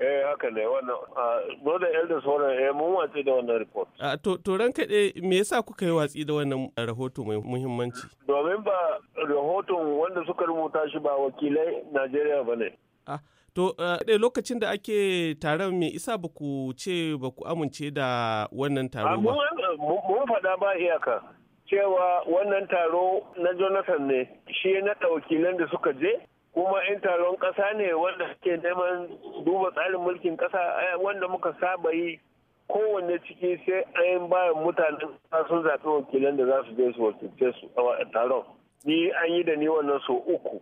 Eh haka ne wannan da elders wannan eh mun watsi da wannan report. To to ran kaɗe me yasa kuka yi watsi da wannan eh, rahoto mai muhimmanci? Domin ba rahoton wanda suka rubuta shi ba wakilai Najeriya ba ne. Ah, to eh, ɗaya lokacin da ake taron me isa ba ku ce ba ku amince da wannan taro ba? Eh, mun faɗa ba iyaka cewa wannan taro na Jonathan ne shi na wakilan da suka je kuma in taron ƙasa ne wanda suke neman duba tsarin mulkin kasa eh, wanda muka saba yi kowanne ciki sai an ba mutanen sun zaɓi wakilan da za su je su wakilce su a taron ni an yi da ni wannan so uku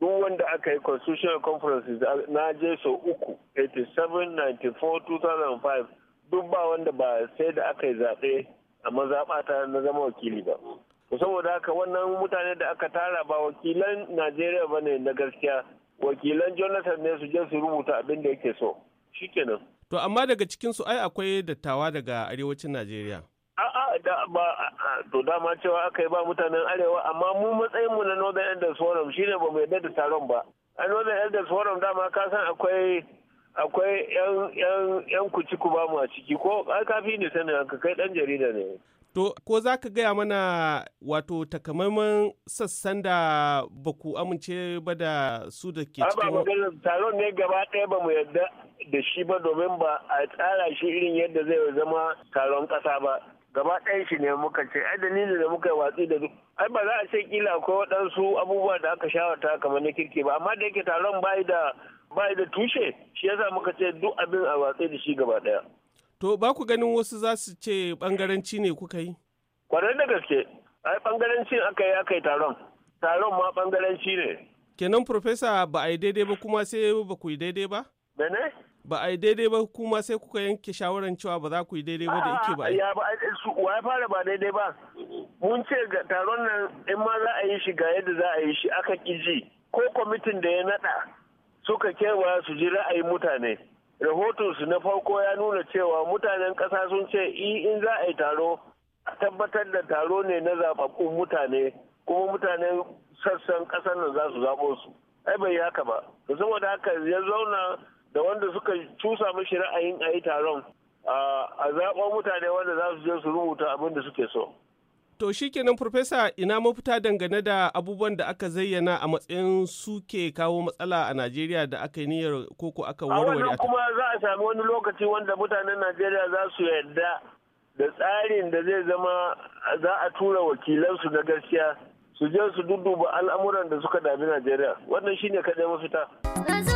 duk wanda aka yi constitutional conferences na je so uku 87 94 2005 duk ba wanda ba sai da aka yi zaɓe a mazaɓata na zama wakili ba saboda haka wannan mutane da aka tara ba wakilan najeriya ba ne na gaskiya wakilan jonathan ne su je su rubuta abin da yake so shikenan to amma daga cikin su ai akwai dattawa daga arewacin najeriya a'a da ba to dama cewa aka yi ba mutanen arewa amma mu matsayin mu na northern elders forum shine ba mu yarda da taron ba a northern elders forum dama ka san akwai akwai yan kuci ku ba mu a ciki ko kafi ne sani haka kai dan jarida ne to ko za ka gaya mana wato takamaiman sassan da ba ku amince ba da su da ke cikin taron ne gaba ɗaya ba mu yadda da shi ba domin ba a tsara shi irin yadda zai zama taron ƙasa ba gaba ɗayan shi ne muka ce ai dalilin da muka yi watsi da duk ai ba za a ce kila akwai waɗansu abubuwa da aka shawarta kamar na kirki ba amma da yake taron bai da ba da tushe shi yasa muka ce duk abin a watsai da shi gaba daya to ba ku ganin wasu za su ce bangaranci ne kuka yi kwarar da gaske ai bangarancin aka yi aka yi taron taron ma bangaranci ne kenan profesa ba a yi daidai ba kuma sai ba ku yi daidai ba bene ba a yi daidai ba kuma sai kuka yanke shawaran cewa ba za ku yi daidai ba da yake ba ya ba wa ya fara ba daidai ba mun ce ga taron nan in ma za a yi shi ga yadda za a yi shi aka kiji ji ko kwamitin da ya nada suka kewaya su ji ra'ayin mutane su na farko ya nuna cewa mutanen ƙasa sun ce in za a yi taro a tabbatar da taro ne na zababbun mutane kuma mutanen sassan ƙasar nan za su zaɓo su ai bai haka ba to saboda haka ya zauna da wanda suka cusa mashi ra'ayin a yi taron a zaɓo mutane wanda za su je su rubuta abin da suke so To shi kenan Profesa ina mafita dangane da abubuwan da aka zayyana a matsayin suke kawo matsala a Najeriya da aka yi niyyar koko aka warware a kuma za a sami wani lokaci wanda mutanen Najeriya za su yarda da tsarin da zai zama za a tura wakilansu na gaskiya su je su dudduba al'amuran da suka dami Najeriya. Wannan shine kaɗai mafita.